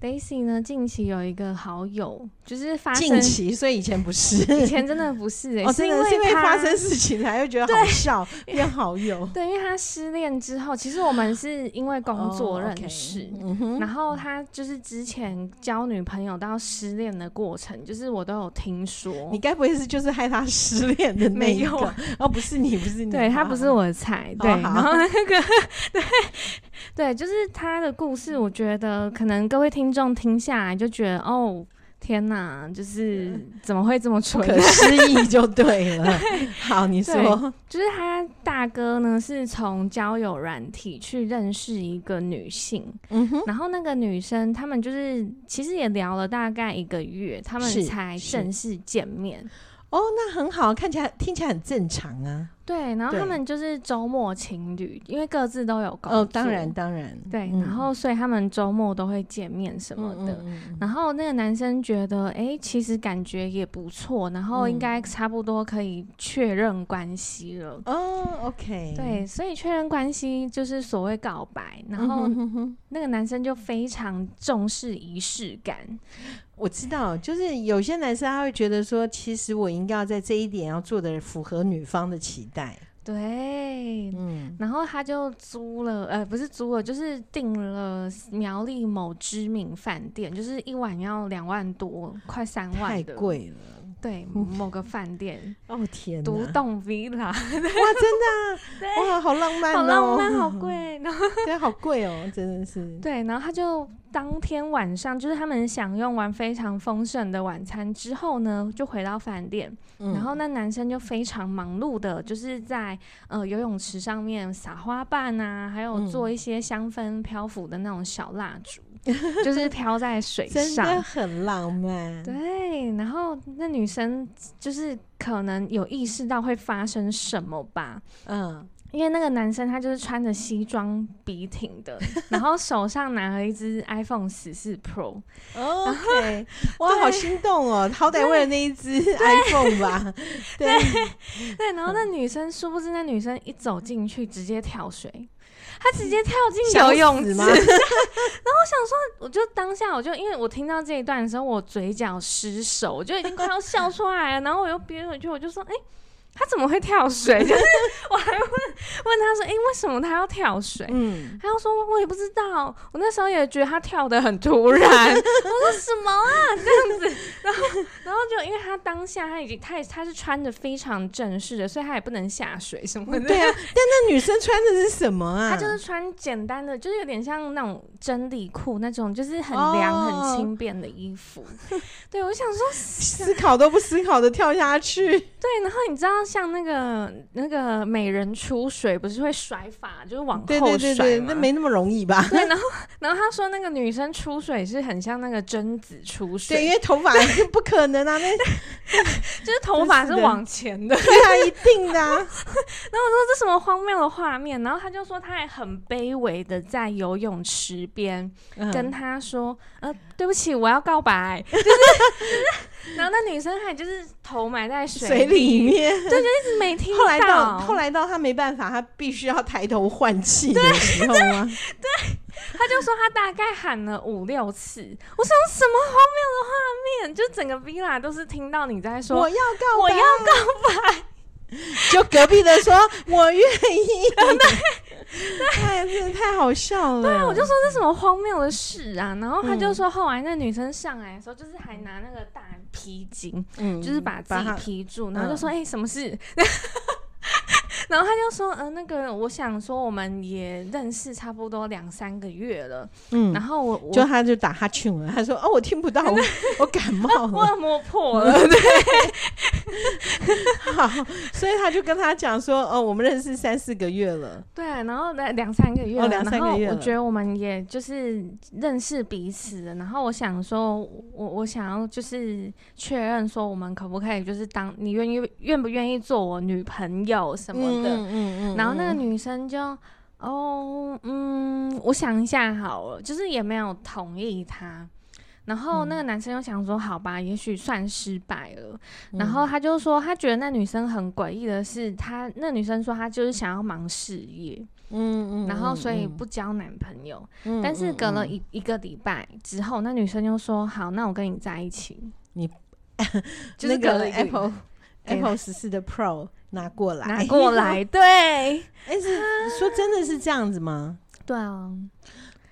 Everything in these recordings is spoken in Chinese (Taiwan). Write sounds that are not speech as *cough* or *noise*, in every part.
Daisy 呢？近期有一個好友，就是發生近期，所以以前不是，以前真的不是哎、欸 *laughs* 哦，是因為，因為發生事情，才又覺得好笑，變好友。對，因為他失戀之後，其實我們是因為工作認識、哦 okay, 嗯，然後他就是之前交女朋友到失戀的過程，就是我都有聽說。你該不會是就是害他失戀的那一個，沒一個？哦，不是你，不是你，對他不是我的菜。對，哦，然後那個 *laughs* 對對，就是他的故事，我覺得可能各位聽。聽眾聽下來就覺得哦，天哪，就是怎麼會這麼蠢？可失憶就對了。 *laughs* 對好，你說，就是他大哥呢，是從交友軟體去認識一個女性，嗯哼，然後那個女生他們就是其實也聊了大概一個月，他們才正式見面。哦，那很好，看起來聽起來很正常啊。對，然後他們就是周末情侶，因為各自都有工作哦，當然當然。對、嗯，然後所以他們周末都會見面什麼的嗯嗯。然後那個男生覺得，哎、欸，其實感覺也不錯，然後應該差不多可以確認關係了。哦、嗯、，OK。對，所以確認關係就是所謂告白，然後那個男生就非常重視儀式感。我知道，就是有些男生他會覺得說，其實我應該要在這一點要做的符合女方的期待。對，嗯，然後他就租了，呃，不是租了，就是訂了苗栗某知名飯店，就是一晚要兩萬多，快三萬，太貴了。對，某個飯店 *laughs* 哦天吶，獨棟 villa 哇，真的啊， *laughs* 哇，好浪漫，哦，好浪漫好，好貴，然後，對，好貴哦，真的是。對，然後他就當天晚上，就是他們享用完非常豐盛的晚餐之後呢，就回到飯店。嗯，然後那男生就非常忙碌的，就是在呃游泳池上面撒花瓣啊，還有做一些香氛漂浮的那種小蠟燭。嗯 *laughs* 就是飄在水上，真的很浪漫。對，然後那女生就是可能有意識到會發生什麼吧，嗯，因為那個男生他就是穿着西裝筆挺的， *laughs* 然後手上拿了一只 iPhone 十四 Pro，哦，對，哇，okay，好心動哦，好歹為了那一只 iPhone 吧，對, *laughs* 對，對，然後那女生，殊 *laughs* 不知那女生一走進去直接跳水。他直接跳進游泳池， *laughs* 然後我想說，我就當下，我就因為我聽到這一段的時候，我嘴角失守，我就已經快要笑出來了啊，然後我又憋回去，我就說，哎。他怎麼會跳水？就是我還問問他說：“誒、欸，為什麼他要跳水？”嗯，他又說：“我也不知道。”我那時候也覺得他跳得很突然。 *laughs* 我說：“什麼啊，這樣子？”然後，然後就因為他當下他已經他也是他是穿着非常正式的，所以他也不能下水什麼的。對啊， *laughs* 但那女生穿的是什麼啊？她就是穿簡單的，就是有點像那種真理褲那種，就是很涼、oh. 很輕便的衣服。對，我想說思考都不思考的跳下去。 *laughs* 對，然後你知道。像那個那個美人出水，不是會甩髮，就是往後甩，對對對對，那沒那麼容易吧？對，然後然後他說那個女生出水是很像那個貞子出水， *laughs* 對，因為頭髮不可能啊， *laughs* 那 *laughs* 就是頭髮是往前的，對啊，一定的啊。 *laughs* 然後我說這什麼荒謬的畫面？然後他就說他還很卑微的在游泳池邊，嗯，跟他說呃。對不起，我要告白。就是、 *laughs* 就是，然後那女生還就是頭埋在水裡，水裡面就，就一直沒聽到。後來到後來到他沒辦法，他必須要抬頭換氣的時候嗎？對，對對 *laughs* 他就說他大概喊了五六次。我說什麼荒謬的畫面？就整個 villa 都是聽到你在說我要告我要告白，告白 *laughs* 就隔壁的說 *laughs* 我願願意。 *laughs* 對 *laughs* 對 *laughs* 太，真的太好笑了，對啊，我就說，這是什麼荒謬的事啊，然後他就說，後來那女生上來的時候，就是還拿那個大披巾、嗯，就是把自己披住，然後就說，哎、嗯，欸，什麼事？ *laughs* 然後他就說，嗯、呃，那個，我想說，我們也認識差不多兩三個月了，嗯，然後我，我就他就打哈欠了，他說，哦，我聽不到， *laughs* 我，我感冒了， *laughs* 我要摸破了，嗯、對， *laughs* *laughs* 好，所以他就跟他講說，哦，我們認識三四個月了，對、啊，然後兩三個月，兩三個月，哦、個月然後我覺得我們也就是認識彼此，然後我想說，我我想要就是確認說，我們可不可以就是當你願意願不願意做我女朋友什麼的、嗯？嗯嗯嗯，然後那個女生就，嗯，哦，嗯，我想一下好了，就是也沒有同意他。然後那個男生又想說，好吧，嗯，也許算失敗了，嗯。然後他就說，他覺得那女生很詭異的是他，他那女生說她就是想要忙事業，嗯嗯，嗯，然後所以不交男朋友。嗯嗯嗯，但是隔了一，嗯嗯嗯，一個禮拜之後，那女生就說，好，那我跟你在一起，你就是隔了， *laughs* 那個、Apple Apple 十四的 Pro。 *laughs* 拿過來，拿過來，哎、對。但、哎、是說真的是這樣子嗎？對啊。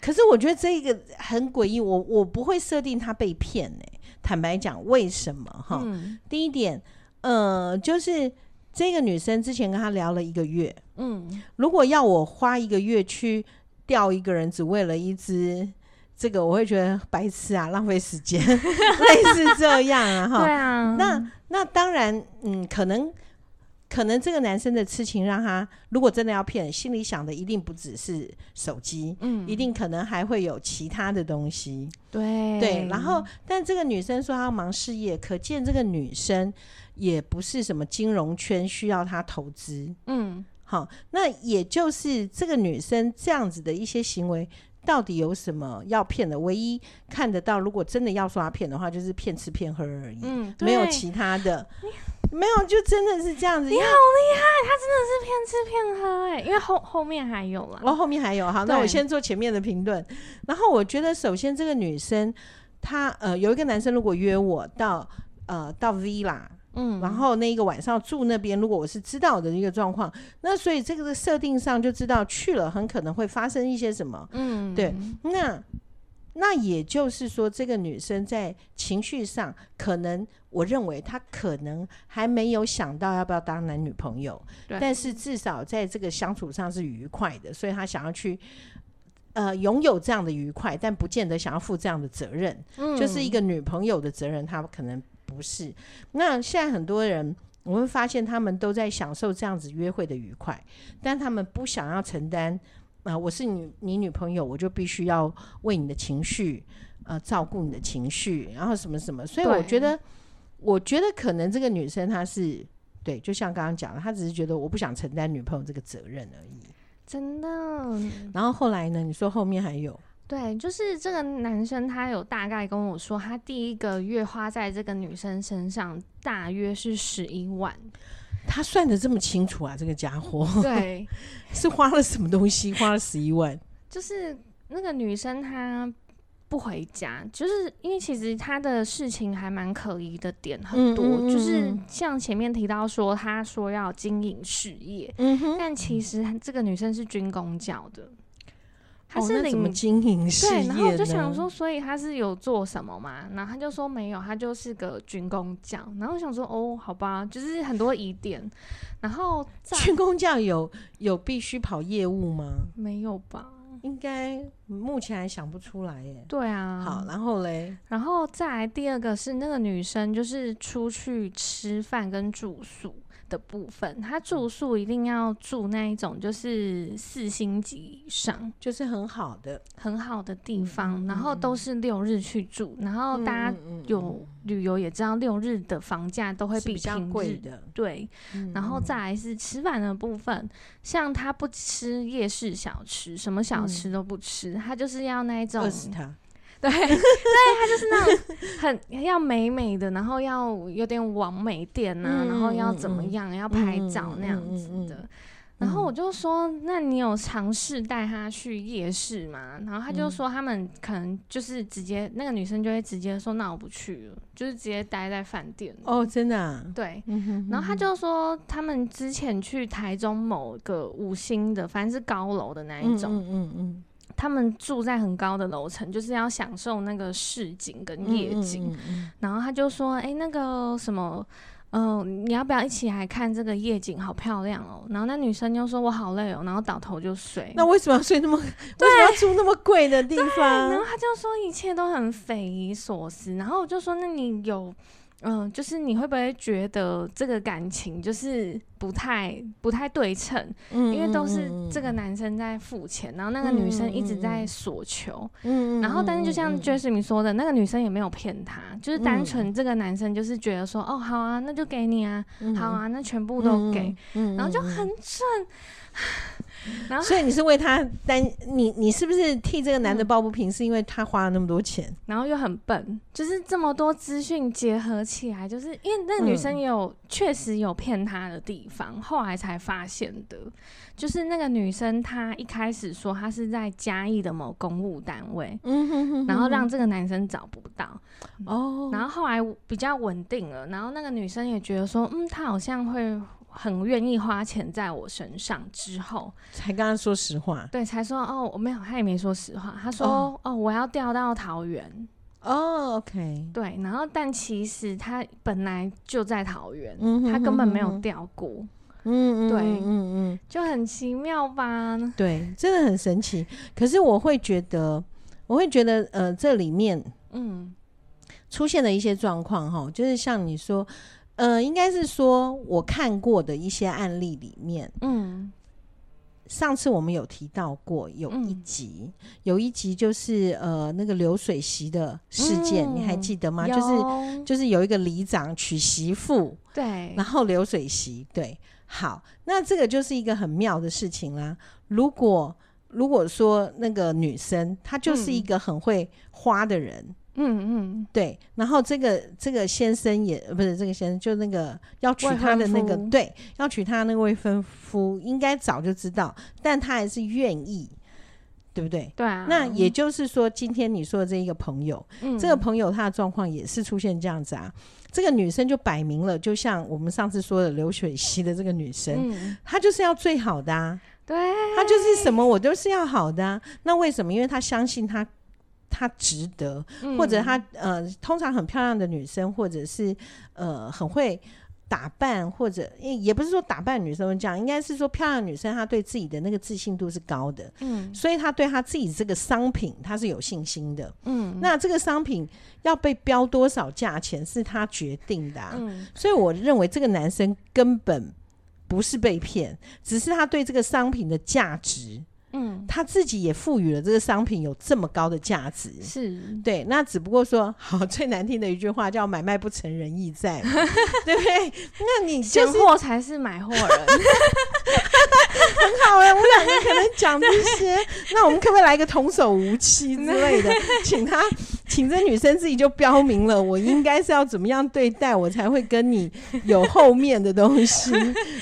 可是我覺得這一個很詭異，我我不會設定他被騙誒。坦白講，為什麼哈、嗯？第一點，呃，就是這個女生之前跟他聊了一個月，嗯。如果要我花一個月去釣一個人，只為了一只這個，我會覺得白痴啊，浪費時間， *laughs* 類似這樣啊，啊哈，對啊。那那當然，嗯，可能。可能這個男生的癡情讓他，如果真的要騙，心裡想的一定不只是手機，嗯，一定可能還會有其他的東西，對對。然後，但這個女生說她要忙事業，可見這個女生也不是什麼金融圈需要她投資，嗯，好，那也就是這個女生這樣子的一些行為，到底有什麼要騙的？唯一看得到，如果真的要說她騙的話，就是騙吃騙喝而已，嗯，沒有其他的。 *laughs* 沒有，就真的是這樣子。你好厲害，他真的是騙吃騙喝哎，因為後後面還有啦，哦，後面還有，好，那我先做前面的評論。然後我覺得，首先這個女生，她呃有一個男生如果約我到呃到 Villa，嗯，然後那一個晚上住那邊，如果我是知道的一個狀況，那所以這個設定上就知道去了很可能會發生一些什麼，嗯，對，那。那也就是說，這個女生在情緒上，可能我認為她可能還沒有想到要不要當男女朋友，對，但是至少在這個相處上是愉快的，所以她想要去，呃，擁有這樣的愉快，但不見得想要負這樣的責任，嗯，就是一個女朋友的責任，她可能不是。那現在很多人，我會發現他們都在享受這樣子約會的愉快，但他們不想要承擔。啊，我是你你女朋友，我就必須要為你的情緒，呃，照顧你的情緒，然後什麼什麼，所以我覺得，我覺得可能這個女生她是，對，就像剛剛講的，她只是覺得我不想承擔女朋友這個責任而已，真的。然後後來呢？你說後面還有？對，就是這個男生他有大概跟我說，他第一個月花在這個女生身上大約是十一萬。他算的這麼清楚啊，這個家伙。對， *laughs* 是花了什麼東西？花了十一萬。就是那個女生，她不回家，就是因為其實她的事情還蠻可疑的點很多，嗯嗯嗯。就是像前面提到說，她說要經營事業，嗯哼，但其實這個女生是軍公教的。他、哦、那怎麼經營、啊、是對，然後就想說，所以他是有做什麼嘛？然後他就說沒有，他就是個軍工匠。然後想說，哦，好吧，就是很多疑點。然後在軍工匠有有必須跑業務嗎？沒有吧？應該目前還想不出來耶。對啊。好，然後嘞，然後再來第二個是那個女生，就是出去吃飯跟住宿。的部分，他住宿一定要住那一種，就是四星級以上，就是很好的、很好的地方。嗯、然後都是六日去住，嗯、然後大家有旅遊也知道，六日的房價都會比，比較貴的，對、嗯。然後再來是吃飯的部分，像他不吃夜市小吃，什麼小吃都不吃，嗯、他就是要那一種。 *laughs* 對，對他就是那種很 *laughs* 要美美的，然後要有點網美店吶、啊嗯，然後要怎麼樣、嗯，要拍照那樣子的。嗯、然後我就說，嗯、那你有嘗試帶他去夜市嗎？然後他就說，他們可能就是直接、嗯、那個女生就會直接說，那我不去了，就是直接待在飯店。哦，真的、啊？對、嗯呵呵。然後他就說，他們之前去台中某個五星的，反正是高樓的那一種。嗯嗯。嗯嗯他們住在很高的樓層，就是要享受那個市景跟夜景。嗯、然後他就說：“哎、欸，那個什麼，嗯、呃，你要不要一起來看這個夜景？好漂亮哦。”然後那女生就說：“我好累哦。”然後倒頭就睡。那為什麼要睡那麼？為什麼要住那麼貴的地方？對，然後他就說一切都很匪夷所思。然後我就說：“那你有？”嗯、呃，就是你會不會覺得這個感情就是不太不太對稱？嗯，嗯，嗯嗯、因為都是這個男生在付錢，然後那個女生一直在索求。嗯，嗯，嗯嗯嗯、然後但是就像 Jasmine 說的，那個女生也沒有騙他，就是單純這個男生就是覺得說，嗯嗯哦，好啊，那就給你啊，好啊，那全部都給，嗯嗯嗯嗯嗯嗯然後就很蠢。 *laughs* 然後所以你是為他擔你你是不是替這個男的抱不平？是因為他花了那麼多錢，然後又很笨，就是這麼多資訊結合起來，就是因為那個女生也有確實有騙他的地方，嗯，後來才發現的。就是那個女生她一開始說她是在嘉義的某公務單位，嗯、哼哼哼哼然後讓這個男生找不到哦、嗯，然後後來比較穩定了，然後那個女生也覺得說，嗯，她好像會。很願意花錢在我身上之後，才跟他說實話。對，才說哦，我沒有，他也沒說實話。他說、oh. 哦，我要調到桃園。哦、oh,，OK，對。然後，但其實他本來就在桃園、嗯嗯嗯，他根本沒有調過。嗯哼嗯哼，對，嗯哼嗯哼，就很奇妙吧？對，真的很神奇。可是我會覺得，我會覺得，呃，這裡面嗯，出現了一些狀況哈，就是像你說。呃，應該是說我看過的一些案例裡面，嗯，上次我們有提到過，有一集、嗯，有一集就是呃那個流水席的事件，嗯、你還記得嗎？就是就是有一個里長娶媳婦，對，然後流水席，對，好，那這個就是一個很妙的事情啦。如果如果說那個女生她就是一個很會花的人。嗯嗯嗯，對，然後這個這個先生也不是這個先生，就那個要娶她的那個，對，要娶她那位未婚夫應該早就知道，但他還是願意，對不對？對啊。那也就是說，今天你說的這一個朋友，嗯、這個朋友她的狀況也是出現這樣子啊。這個女生就擺明了，就像我們上次說的流水席的這個女生，她、嗯、就是要最好的啊，對，她就是什麼我都是要好的、啊，那為什麼？因為她相信她。他值得，嗯、或者他呃，通常很漂亮的女生，或者是呃，很會打扮，或者也不是說打扮女生這樣，應該是說漂亮女生，她對自己的那個自信度是高的，嗯，所以她對她自己這個商品，她是有信心的，嗯，那這個商品要被標多少價錢，是他決定的、啊，嗯，所以我認為這個男生根本不是被騙，只是他對這個商品的價值。嗯，他自己也賦予了這個商品有這麼高的價值，是對。那只不過說，好最難聽的一句話叫“買賣不成仁義在”， *laughs* 對不對？那你撿、就、貨、是、才是買貨人， *laughs* *laughs* *laughs* 很好呀、啊。我們兩個可能講的些 *laughs* 那我們可不可以來一個童叟無欺之類的， *laughs* 請他。請這女生自己就標明了，我應該是要怎麼樣對待，我才會跟你有後面的東西，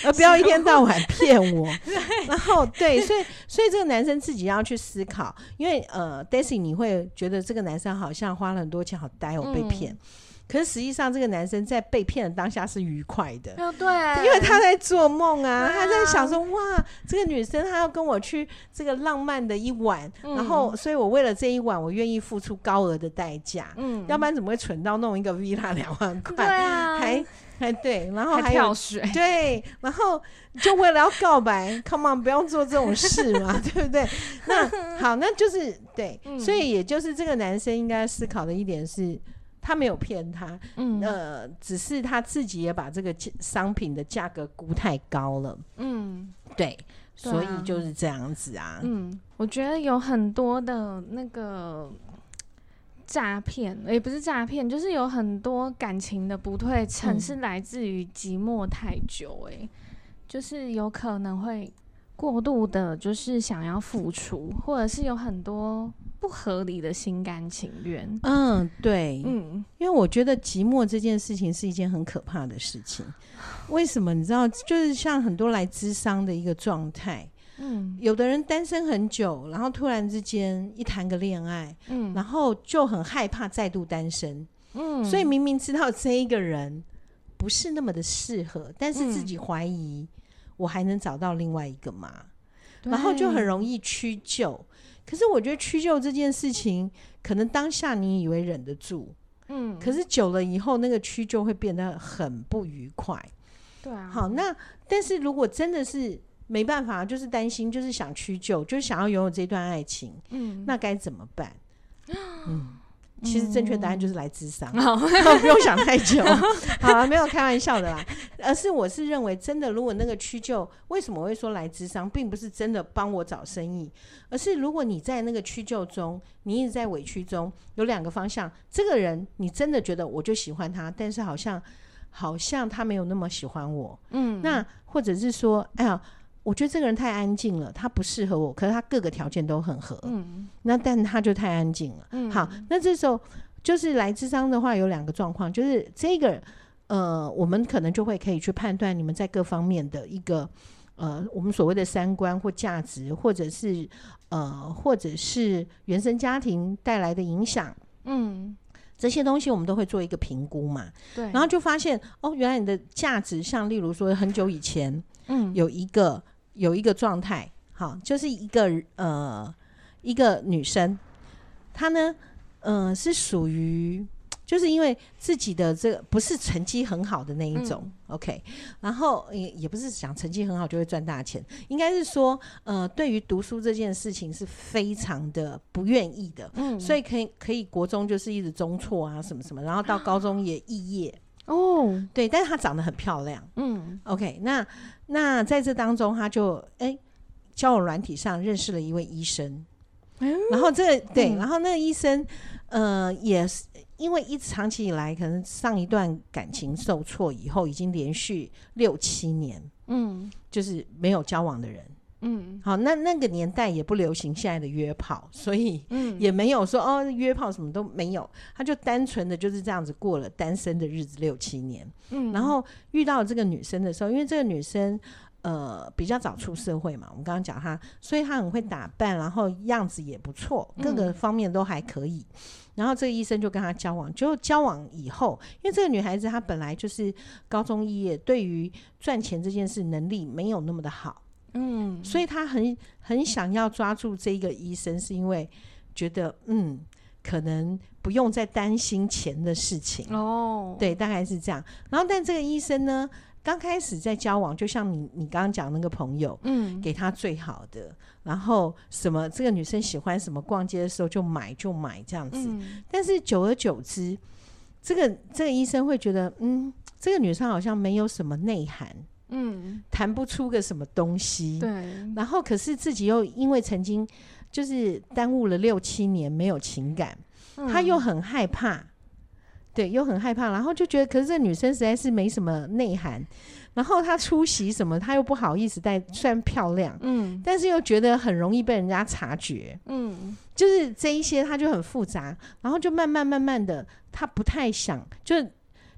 而不要一天到晚騙我。然後對，所以所以這個男生自己要去思考，因為呃，Daisy 你會覺得這個男生好像花了很多錢，好呆哦，被騙。嗯。可是實際上，這個男生在被騙的當下是愉快的，哦、對、欸，因為他在做夢啊，他、啊、在想說哇，這個女生她要跟我去這個浪漫的一晚，嗯、然後所以我為了這一晚，我願意付出高額的代價，嗯，要不然怎麼會蠢到弄一個 villa 兩萬塊、嗯。還還對，然後還有還跳水，對，然後就為了要告白 *laughs* ，come on，不要做這種事嘛， *laughs* 對不對？那好，那就是對、嗯，所以也就是這個男生應該思考的一點是，他沒有騙他，那、嗯呃、只是他自己也把這個商品的價格估太高了。嗯，對，對、啊，所以就是這樣子啊。嗯，我覺得有很多的那個詐騙，也、欸、不是詐騙，就是有很多感情的不對稱是來自於寂寞太久、欸，誒、嗯，就是有可能會過度的，就是想要付出，或者是有很多。不合理的心甘情願，嗯，對，嗯，因為我覺得寂寞這件事情是一件很可怕的事情。為什麼？你知道，就是像很多來諮商的一個狀態，嗯，有的人單身很久，然後突然之間一談個戀愛，嗯，然後就很害怕再度單身，嗯，所以明明知道這一個人不是那麼的適合，但是自己懷疑我還能找到另外一個嗎？嗯，然後就很容易屈就。可是我覺得屈就這件事情，可能當下你以為忍得住，嗯，可是久了以後，那個屈就會變得很不愉快，對啊。好，那但是如果真的是沒辦法，就是擔心，就是想屈就，就想要擁有這段愛情，嗯，那該怎麼辦？嗯。 *coughs* 其實正確答案就是來諮商，嗯，嗯、那不用想太久。 *laughs* 好，啊，沒有開玩笑的啦，而是我是認為真的，如果那個屈就，為什麼我會說來諮商，並不是真的幫我找生意，而是如果你在那個屈就中，你一直在委屈中，有兩個方向，這個人你真的覺得我就喜歡他，但是好像好像他沒有那麼喜歡我，嗯，那或者是說，哎呀。我覺得這個人太安靜了，他不適合我。可是他各個條件都很合、嗯，那但他就太安靜了、嗯。好，那這時候就是來諮商的話，有兩個狀況，就是這個呃，我們可能就會可以去判斷你們在各方面的一個呃，我們所謂的三觀或價值，或者是呃，或者是原生家庭帶來的影響，嗯，這些東西我們都會做一個評估嘛。對，然後就發現哦，原來你的價值，像例如說很久以前，嗯，有一個。嗯有一個狀態，好，就是一個呃，一個女生，她呢，嗯，呃，是屬於就是因為自己的這個不是成績很好的那一種，嗯，OK，然後也也不是想成績很好就會賺大錢，應該是說，呃，對於讀書這件事情是非常的不願意的，嗯，所以可以可以國中就是一直中輟啊，什麼什麼，然後到高中也肄業。哦、oh.，對，但是他長得很漂亮。嗯、mm.，OK，那那在這當中，他就哎、欸，交往軟體上認識了一位醫生，oh. 然後這對，mm. 然後那個醫生，呃，也是因為一直長期以來可能上一段感情受挫以後，已經連續六七年，嗯、mm.，就是沒有交往的人。嗯，好，那那個年代也不流行現在的約炮，所以嗯，也沒有說、嗯、哦約炮什麼都沒有，他就單純的就是這樣子過了單身的日子六七年，嗯，然後遇到了這個女生的時候，因為這個女生呃比較早出社會嘛，我們剛剛講她，所以她很會打扮，然後樣子也不錯，各個方面都還可以，嗯、然後這個醫生就跟她交往，就交往以後，因為這個女孩子她本來就是高中畢業，對於賺錢這件事能力沒有那麼的好。嗯，所以他很很想要抓住這個醫生，是因為覺得嗯，可能不用再擔心錢的事情哦。對，大概是這樣。然後，但這個醫生呢，剛開始在交往，就像你你剛剛講的那個朋友，嗯，給他最好的，然後什麼這個女生喜歡什麼，逛街的時候就買就買這樣子。嗯，但是久而久之，這個這個醫生會覺得，嗯，這個女生好像沒有什麼內涵。嗯，談不出個什麼東西。對，然後可是自己又因為曾經就是耽誤了六七年沒有情感。嗯，他又很害怕，對，又很害怕。然後就覺得，可是這女生實在是沒什麼內涵。然後她出席什麼，她又不好意思帶。雖然漂亮，嗯，但是又覺得很容易被人家察覺，嗯，就是這一些她就很複雜。然後就慢慢慢慢的，她不太想，就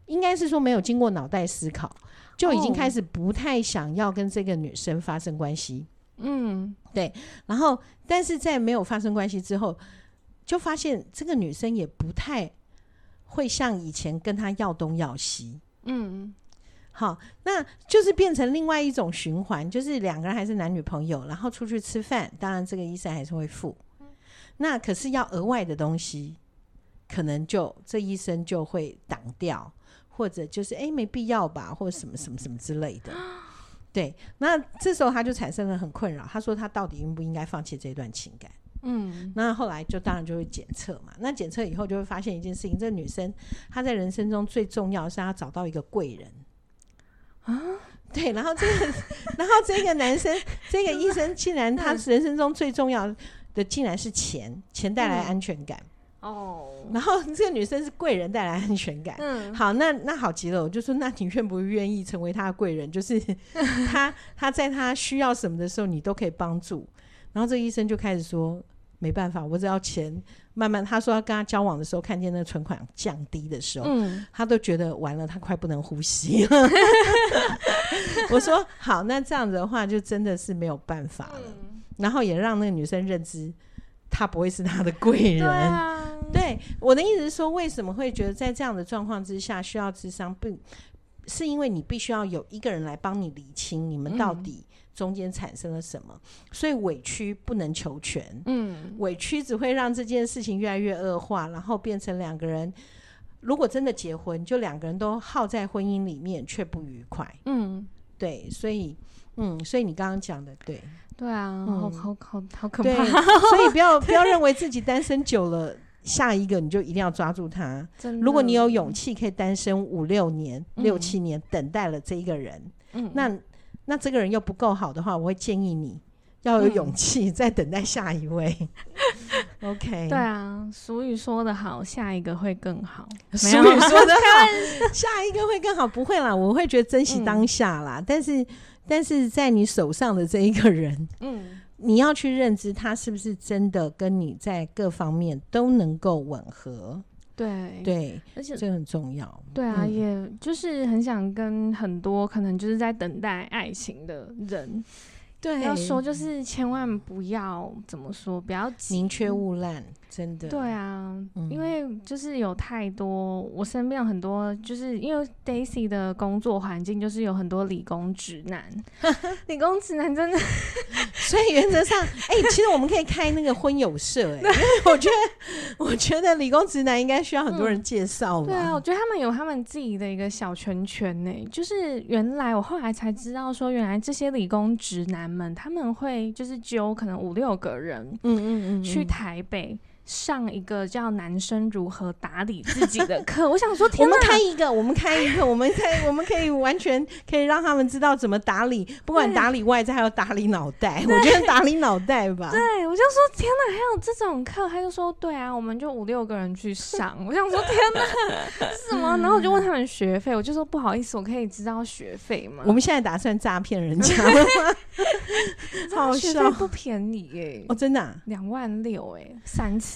應該是說沒有經過腦袋思考。就已經開始不太想要跟這個女生發生關係。嗯，對。然後，但是在沒有發生關係之後，就發現這個女生也不太會像以前跟她要東要西。嗯，好，那就是變成另外一種循環，就是兩個人還是男女朋友，然後出去吃飯，當然這個醫生還是會付。那可是要額外的東西，可能就這醫生就會擋掉。或者就是哎、欸，沒必要吧，或者什麼什麼什麼之類的。對，那這時候他就產生了很困擾，他說他到底應不應該放棄這段情感？嗯，那後來就當然就會檢測嘛。那檢測以後就會發現一件事情，這女生她在人生中最重要的是她找到一個貴人啊。對，然後這個 *laughs* 然後這個男生 *laughs* 這個醫生竟然他人生中最重要的竟然是錢，嗯、錢帶來安全感。哦、oh.，然後這個女生是貴人帶來安全感。嗯，好，那那好極了，我就說，那你願不願意成為他的貴人？就是他 *laughs* 他在他需要什麼的時候，你都可以幫助。然後這個醫生就開始說，沒辦法，我只要錢。慢慢，他說要跟他交往的時候，看見那個存款降低的時候，嗯，他都覺得完了，他快不能呼吸了。 *laughs* *laughs* 我說好，那這樣子的話，就真的是沒有辦法了、嗯。然後也讓那個女生認知，他不會是他的貴人。 *laughs* 對啊。我的意思是說，為什麼會覺得在這樣的狀況之下需要諮商不？不是因為你必須要有一個人來幫你理清你們到底中間、嗯、產生了什麼，所以委屈不能求全。嗯，委屈只會讓這件事情越來越惡化，然後變成兩個人。如果真的結婚，就兩個人都耗在婚姻裡面卻不愉快。嗯，對，所以，嗯，所以你剛剛講的對，對啊，嗯、好好好，好可怕。所以不要不要認為自己單身久了。 *laughs* 下一個你就一定要抓住他。真的。如果你有勇氣可以單身五六年、六七年、嗯，等待了這一個人，嗯、那那這個人又不夠好的話，我會建議你要有勇氣、嗯、再等待下一位。嗯、OK，對啊，俗語說得好，下一個會更好。俗語說得好， *laughs* 下一個會更好。不會啦，我會覺得珍惜當下啦。嗯、但是，但是在你手上的這一個人，嗯。你要去認知他是不是真的跟你在各方面都能夠吻合，對對，而且這很重要。對啊、嗯，也就是很想跟很多可能就是在等待愛情的人，對，要說就是千萬不要、嗯、怎麼說，不要急，寧缺毋濫。真的對啊、嗯，因為就是有太多我身邊有很多，就是因為 Daisy 的工作環境就是有很多理工直男， *laughs* 理工直男真的 *laughs* 所以原則上，哎、 *laughs* 欸，其實我們可以開那個婚友社、欸，哎， *laughs* 我覺得我覺得理工直男應該需要很多人介紹、嗯、對啊，我覺得他們有他們自己的一個小圈圈。呢，就是原來我後來才知道說，原來這些理工直男們他們會就是揪可能五六個人，嗯嗯嗯，嗯，去台北。上一個叫男生如何打理自己的課， *laughs* 我想說天哪，我們開一個，我們開一個， *laughs* 我們可以我們可以完全可以讓他們知道怎麼打理，不管打理外在還有打理腦袋，我覺得打理腦袋吧。對，我就說天哪，還有這種課？他就說對啊，我們就五六個人去上。 *laughs* 我想說天哪，是什麼？ *laughs* 然後我就問他們學費，我就說不好意思，我可以知道學費嗎？我們現在打算詐騙人家， *laughs* 知道嗎？ *laughs* 好笑不便宜哦、欸，oh, 真的、啊，兩萬六哎，三次。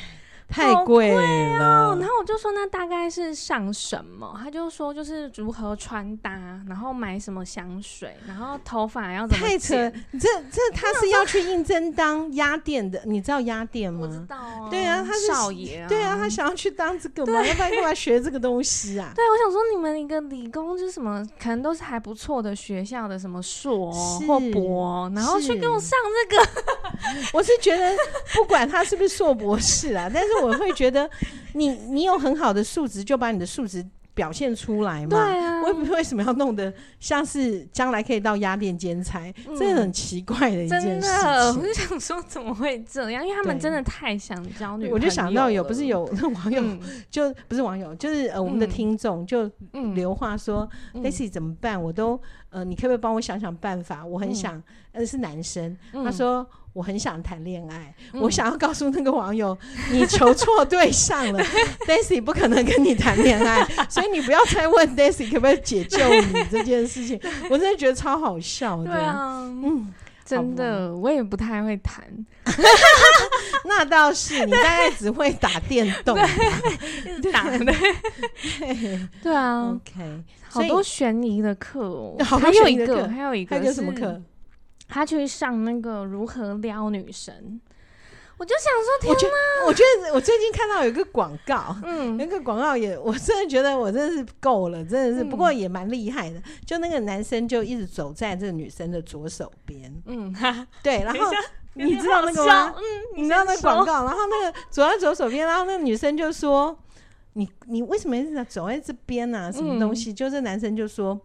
太貴了，啊、然後我就說，那大概是上什麼？他就說，就是如何穿搭，然後買什麼香水，然後頭髮要怎麼？太扯！這這他是要去應徵當鴨店的，你知道鴨店嗎？我知道，對啊，他是少爺啊。對啊他，啊對啊他想要去當這個嗎，他過要要來學這個東西啊。對，我想說你們一個理工就是什麼，可能都是還不錯的學校的什麼碩或博，然後去給我上這個。 *laughs* 我是覺得不管他是不是碩博士啊， *laughs* 但是。 *laughs* 我會覺得你，你你有很好的素質，就把你的素質表現出來嘛？對啊，為為什麼要弄得像是將來可以到鴨店兼差，嗯，這是很奇怪的一件事。真的，我就想說怎麼會這樣？因為他們真的太想交女友。我就想到有不是有那網友、嗯、就不是網友，就是呃、嗯、我們的聽眾就留話說 Daisy 怎麼辦？我都。呃，你可不可以幫我想想辦法？我很想，嗯、呃，是男生，嗯、他說我很想談戀愛、嗯，我想要告訴那個網友，你求錯對象了 *laughs* ，Daisy 不可能跟你談戀愛， *laughs* 所以你不要再問 Daisy 可不可以解救你這件事情， *laughs* 我真的覺得超好笑的。對啊，嗯。真的，我也不太會談。 *laughs* *laughs* 那倒是，你大概只會打電動， *laughs* 對 *laughs* 直打 *laughs* *laughs* 對啊 *laughs* ，OK，好多懸疑的課哦，哦。還有一個，還有一個，還有一個還有什麼課？他去上那個如何撩女神。我就想說天哪，我覺得，天我覺得我最近看到有一個廣告，嗯，那個廣告也，我真的覺得我真的是夠了，真的是，嗯、不過也蠻厲害的。就那個男生就一直走在這女生的左手邊，嗯哈，對，然後你知道那個嗎？嗯，你，你知道那廣告，嗯？然後那個走在左手邊， *laughs* 然後那個女生就說：“你你為什麼一直走在這邊啊，什麼東西、嗯？”就這男生就說。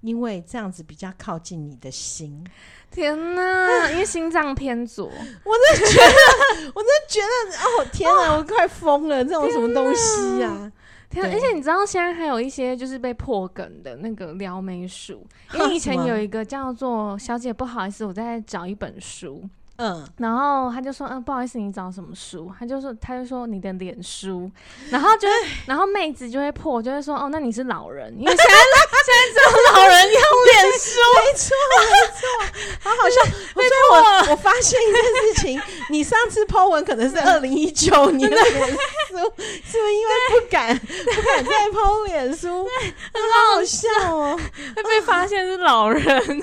因為這樣子比較靠近你的心，天哪！ *laughs* 因為心臟偏左，我真的覺得， *laughs* 我真的覺得，哦天哪，我快瘋了，這種什麼東西啊！天哪，而且你知道，現在還有一些就是被破梗的那個撩妹術，因為以前有一個叫做小姐，不好意思，我在找一本書。嗯，然後他就說，嗯，不好意思，你找什麼書？他就說，他就說你的臉書，然後就是哎，然後妹子就會破，就會說，哦，那你是老人，因為現在 *laughs* 現在只有老人要 *laughs* 臉書，沒錯沒錯，然後 *laughs* 好像，所以我說我，我發現一件事情， *laughs* 你上次 po 文可能是二零一九年、嗯、 *laughs* *laughs* 年的臉書，是 *laughs* 不是因為不敢不敢再 po 臉書，很好笑哦，會 *laughs* 被發現是老人。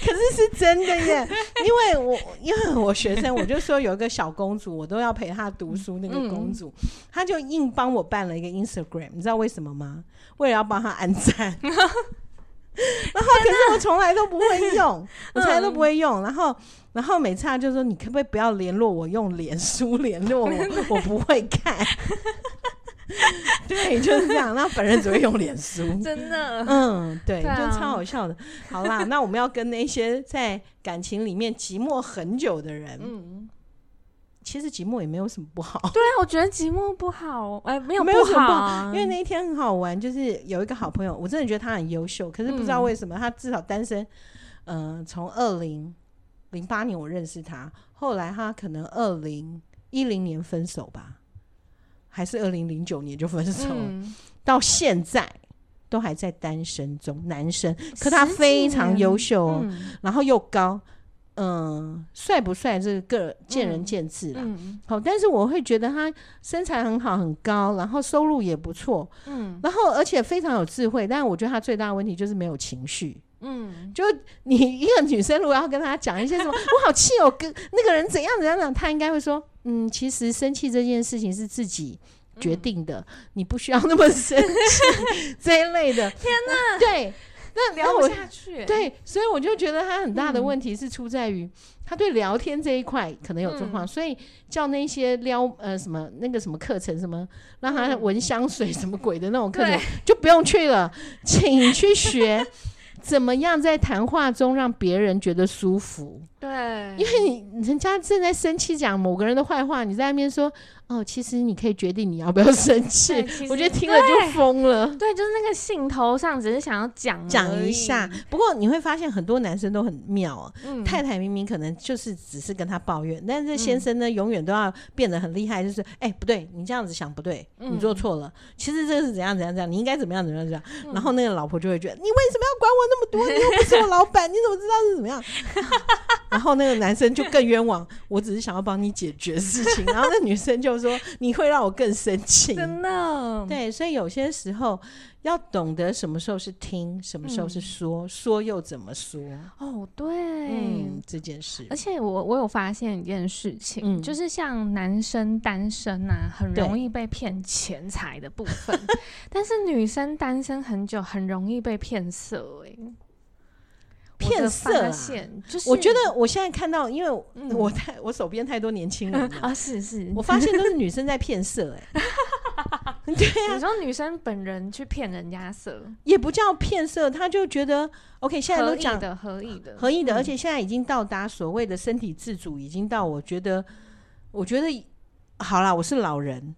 可是是真的耶， *laughs* 因為我因為我學生，我就說有一個小公主，我都要陪她讀書。那個公主，嗯、她就硬幫我辦了一個 Instagram，你知道為什麼嗎？為了要幫她按讚。 *laughs* *laughs* 然後可是我從來都不會用， *laughs* 嗯、我從來都不會用。然後然後每次她就說：“你可不可以不要聯絡我？用臉書聯絡我，我不會看。 *laughs* ” *laughs* 對，就是這樣。那本人只會用臉書， *laughs* 真的。嗯，對，對、啊，就超好笑的。好啦， *laughs* 那我們要跟那些在感情裡面寂寞很久的人，嗯，其實寂寞也沒有什麼不好。對啊，我覺得寂寞不好，哎、欸，沒有、啊，沒有什麼不好，因為那一天很好玩。就是有一個好朋友，我真的覺得他很優秀，可是不知道為什麼他至少單身。嗯，從二零零八年我認識他，後來他可能二零一零年分手吧。還是二零零九年就分手，到現在都還在單身中。男生、嗯，可他非常優秀、嗯，然後又高，嗯，帥不帥這個個見仁見智啦、嗯嗯。好，但是我會覺得他身材很好，很高，然後收入也不錯，嗯，然後而且非常有智慧。但是我覺得他最大的問題就是沒有情緒，嗯，就你一個女生，如果要跟他講一些什麼， *laughs* 我好氣哦，跟那個人怎樣怎樣講，他應該會說。嗯，其實生氣這件事情是自己決定的，嗯、你不需要那麼生氣、嗯、這一類的。天哪，對，嗯、那聊不下去。對，所以我就覺得他很大的問題是出在於他、嗯、對聊天這一塊可能有狀況、嗯，所以叫那些撩呃什麼那個什麼課程什麼讓他聞香水什麼鬼的那種課程就不用去了，請去學怎麼樣在談話中讓別人覺得舒服。對，因為你人家正在生氣講某個人的壞話，你在那邊說哦，其實你可以決定你要不要生氣。我覺得聽了就瘋了。對，對就是那個興頭上，只是想要講講一下。不過你會發現很多男生都很妙啊、嗯。太太明明可能就是只是跟他抱怨，但是先生呢，嗯、永遠都要變得很厲害，就是哎、欸、不對，你這樣子想不對，嗯、你做錯了。其實這個是怎樣怎樣怎樣，你應該怎麼樣怎麼樣怎樣、嗯。然後那個老婆就會覺得你為什麼要管我那麼多？你又不是我老闆， *laughs* 你怎麼知道是怎麼樣？ *laughs* *laughs* 然後那個男生就更冤枉， *laughs* 我只是想要幫你解決事情。然後那個女生就說：“ *laughs* 你會讓我更生氣。”真的，對，所以有些時候要懂得什麼時候是聽，什麼時候是說，嗯、說又怎麼說？哦，對，嗯，這件事。而且我我有發現一件事情、嗯，就是像男生單身啊，很容易被騙錢財的部分； *laughs* 但是女生單身很久，很容易被騙色誒、欸。騙色、啊，我就是，我覺得我現在看到，因為我、嗯、我太我手邊太多年輕人了、嗯、啊，是是，我發現都是女生在騙色、欸，哎、 *laughs* 啊，對呀，有時候女生本人去騙人家色，也不叫騙色，她就覺得 OK，現在都講的合意的合意的，合意的，而且現在已經到達所謂的身體自主、嗯，已經到我覺得，我覺得好啦，我是老人。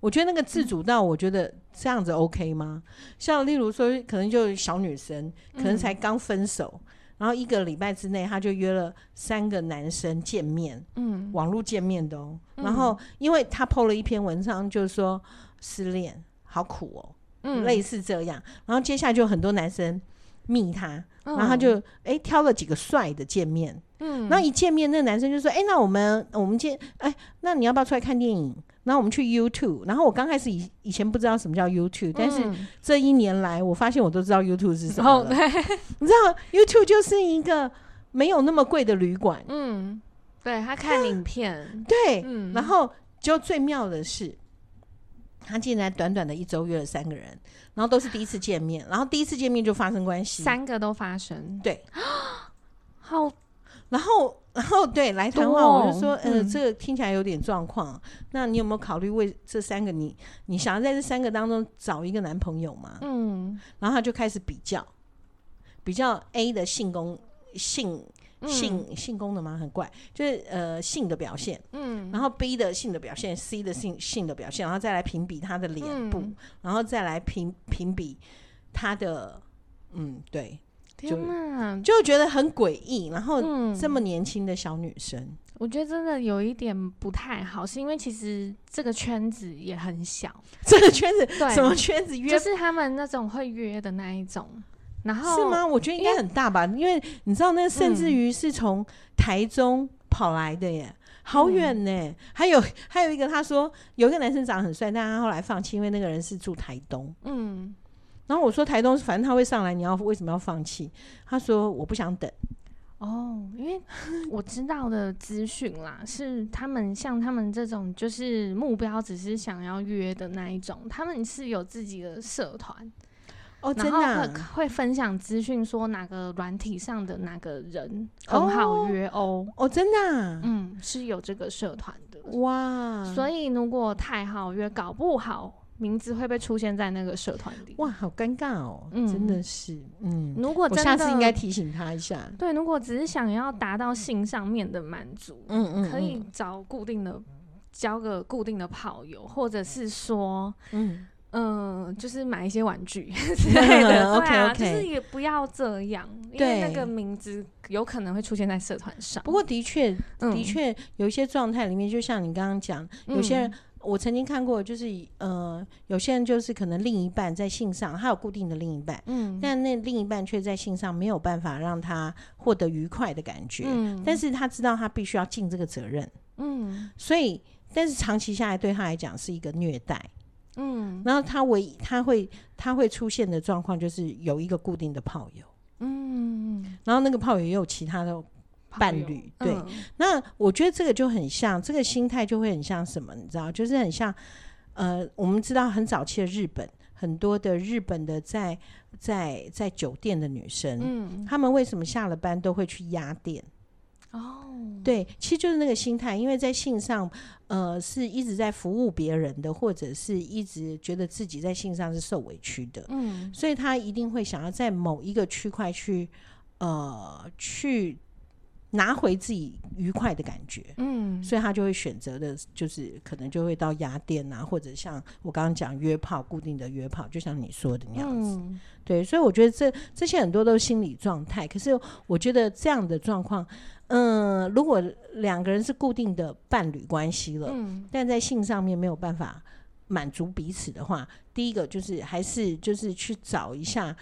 我覺得那個自主到，我覺得這樣子 OK 嗎、嗯？像例如說，可能就小女生，可能才剛分手、嗯，然後一個禮拜之內，他就約了三個男生見面，嗯，網絡見面的哦。然後，因為他 PO 了一篇文章，就是說失戀好苦哦、喔，嗯，類似這樣。然後接下來就很多男生密他，嗯、然後他就哎、欸、挑了幾個帥的見面，嗯，然後一見面，那個男生就說：“哎、欸，那我們我們見，哎、欸，那你要不要出來看電影？”那我們去 YouTube，然後我剛開始以以前不知道什麼叫 YouTube、嗯、但是這一年來我發現我都知道 YouTube 是什麼。你知道 *laughs* YouTube 就是一個沒有那麼貴的旅館，嗯，對，他看影片，對、嗯，然後就最妙的是，他竟然短短的一周約了三個人，然後都是第一次見面，然後第一次見面就發生關係，三個都發生，對，好，然後。然後對來談話、哦，我就說，呃、嗯，這個聽起來有點狀況。那你有沒有考慮為這三個你，你想要在這三個當中找一個男朋友嗎？嗯，然後他就開始比較，比較 A 的性功性性、嗯、性功的嗎？很怪，就是呃性的表現。嗯，然後 B 的性的表現，C 的性性的表現，然後再來評比他的臉部，嗯、然後再來評評比他的，嗯，對。就天吶，就覺得很詭異。然後這麼年輕的小女生、嗯，我覺得真的有一點不太好，是因為其實這個圈子也很小。 *laughs* 這個圈子什麼圈子約？就是他們那種會約的那一種。然後是嗎？我覺得應該很大吧，因為，因為你知道，那個甚至於是從台中跑來的耶，好遠呢、嗯。還有還有一個，他說有一個男生長很帥，但他後來放棄，因為那個人是住台東。嗯。然後我說，台東反正他會上來，你要為什麼要放棄？他說我不想等。哦、oh,，因為我知道的資訊啦， *laughs* 是他們像他們這種，就是目標只是想要約的那一種，他們是有自己的社團。哦、oh,，真的、啊。會分享資訊說哪個軟體上的哪個人、oh, 很好約哦。哦、oh,，真的、啊。嗯，是有這個社團的哇、wow。所以如果太好約，搞不好。名字會不會出現在那個社團裡？哇，好尷尬哦、嗯，真的是。嗯，如果真的我下次應該提醒他一下。對，如果只是想要達到性上面的滿足，嗯，嗯嗯，可以找固定的交個固定的炮友，或者是說，嗯嗯、呃，就是買一些玩具之、嗯、 *laughs* 類的。 *laughs* 對啊，可、okay, okay 就是也不要這樣，因為那個名字有可能會出現在社團上。不過的、嗯，的確，的確有一些狀態裡面，就像你剛剛講，有些人。我曾經看過，就是呃，有些人就是可能另一半在性上，他有固定的另一半，嗯，但那另一半卻在性上沒有辦法讓他獲得愉快的感覺，嗯，但是他知道他必須要盡這個責任，嗯，所以但是長期下來對他來講是一個虐待，嗯，然後他唯一他會他會出現的狀況就是有一個固定的炮友，嗯，然後那個炮友也有其他的。伴侶、嗯、對，那我覺得這個就很像，這個心態就會很像什麼？你知道，就是很像，呃，我們知道很早期的日本，很多的日本的在在在酒店的女生，嗯，他們為什麼下了班都會去鴨店？哦，對，其實就是那個心態，因為在性上，呃，是一直在服務別人的，或者是一直覺得自己在性上是受委屈的，嗯，所以他一定會想要在某一個區塊去，呃，去。拿回自己愉快的感覺，嗯，所以他就會選擇的，就是可能就會到鴨店啊，或者像我剛剛講約炮，固定的約炮，就像你說的那樣子，嗯、對。所以我覺得這這些很多都是心理狀態。可是我覺得這樣的狀況，嗯、呃，如果兩個人是固定的伴侶關係了、嗯，但在性上面沒有辦法滿足彼此的話，第一個就是還是就是去找一下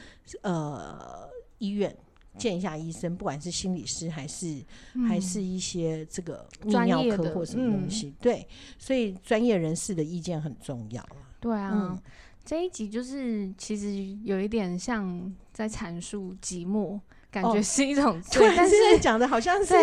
呃醫院。見一下醫生，不管是心理師還是、嗯、還是一些這個泌尿科或什麼東西，嗯、對，所以專業人士的意見很重要，對啊、嗯，這一集就是其實有一點像在闡述寂寞、哦，感覺是一種，但是講的好像是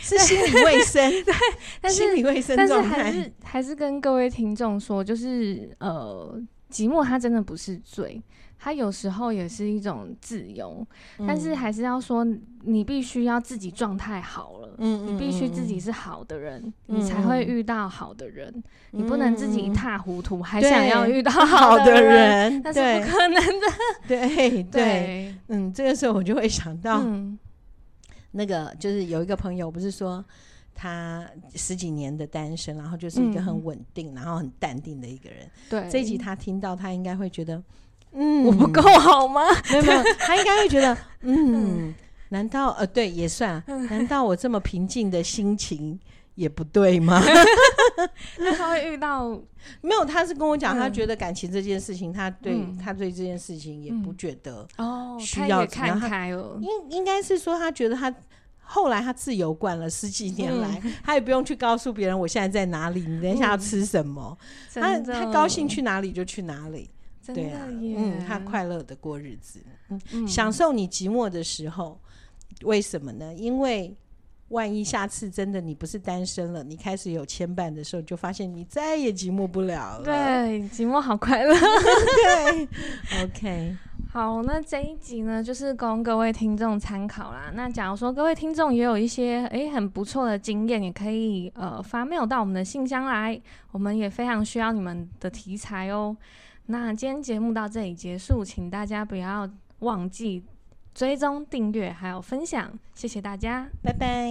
是心理衛生，對，但是，是，是，是心理衛生。 *laughs* 對 *laughs* 心理衛生但，但是還是還是跟各位聽眾說，就是呃。寂寞，它真的不是罪，它有時候也是一種自由。嗯、但是，還是要說你要、嗯，你必須要自己狀態好了，你必須自己是好的人、嗯，你才會遇到好的人。嗯、你不能自己一塌糊塗，還想要遇到好的人，那是不可能的。對 *laughs* 對，對，對，對，嗯，這個時候我就會想到，嗯、那個就是有一個朋友不是說。他十幾年的單身，然後就是一個很穩定、嗯，然後很淡定的一個人。對，這一集他聽到，他應該會覺得，嗯，我不夠好嗎？沒有，沒有，他應該會覺得， *laughs* 嗯，難道呃，對，也算。嗯、難道我這麼平靜的心情也不對嗎？ *laughs* *laughs* *laughs* *laughs* 那他會遇到沒有？他是跟我講、嗯，他覺得感情這件事情，他對、嗯、他對這件事情也不覺得哦、嗯，需要、哦、看開了、哦。應應該是說，他覺得他。後來他自由慣了，十幾年來、嗯、他也不用去告訴別人我現在在哪裡，你等一下要吃什麼？嗯、他他高興去哪裡就去哪裡，對啊，嗯，他快樂的過日子、嗯嗯，享受你寂寞的時候，為什麼呢？因為萬一下次真的你不是單身了，你開始有牽絆的時候，就發現你再也寂寞不了了。對，寂寞好快樂， *laughs* 對，OK, okay。好，那這一集呢，就是供各位聽眾參考啦。那假如說各位聽眾也有一些誒、欸、很不錯的經驗，也可以呃發 mail 到我們的信箱來，我們也非常需要你們的題材哦。那今天節目到這裡結束，請大家不要忘記追蹤、訂閱還有分享，謝謝大家，拜拜。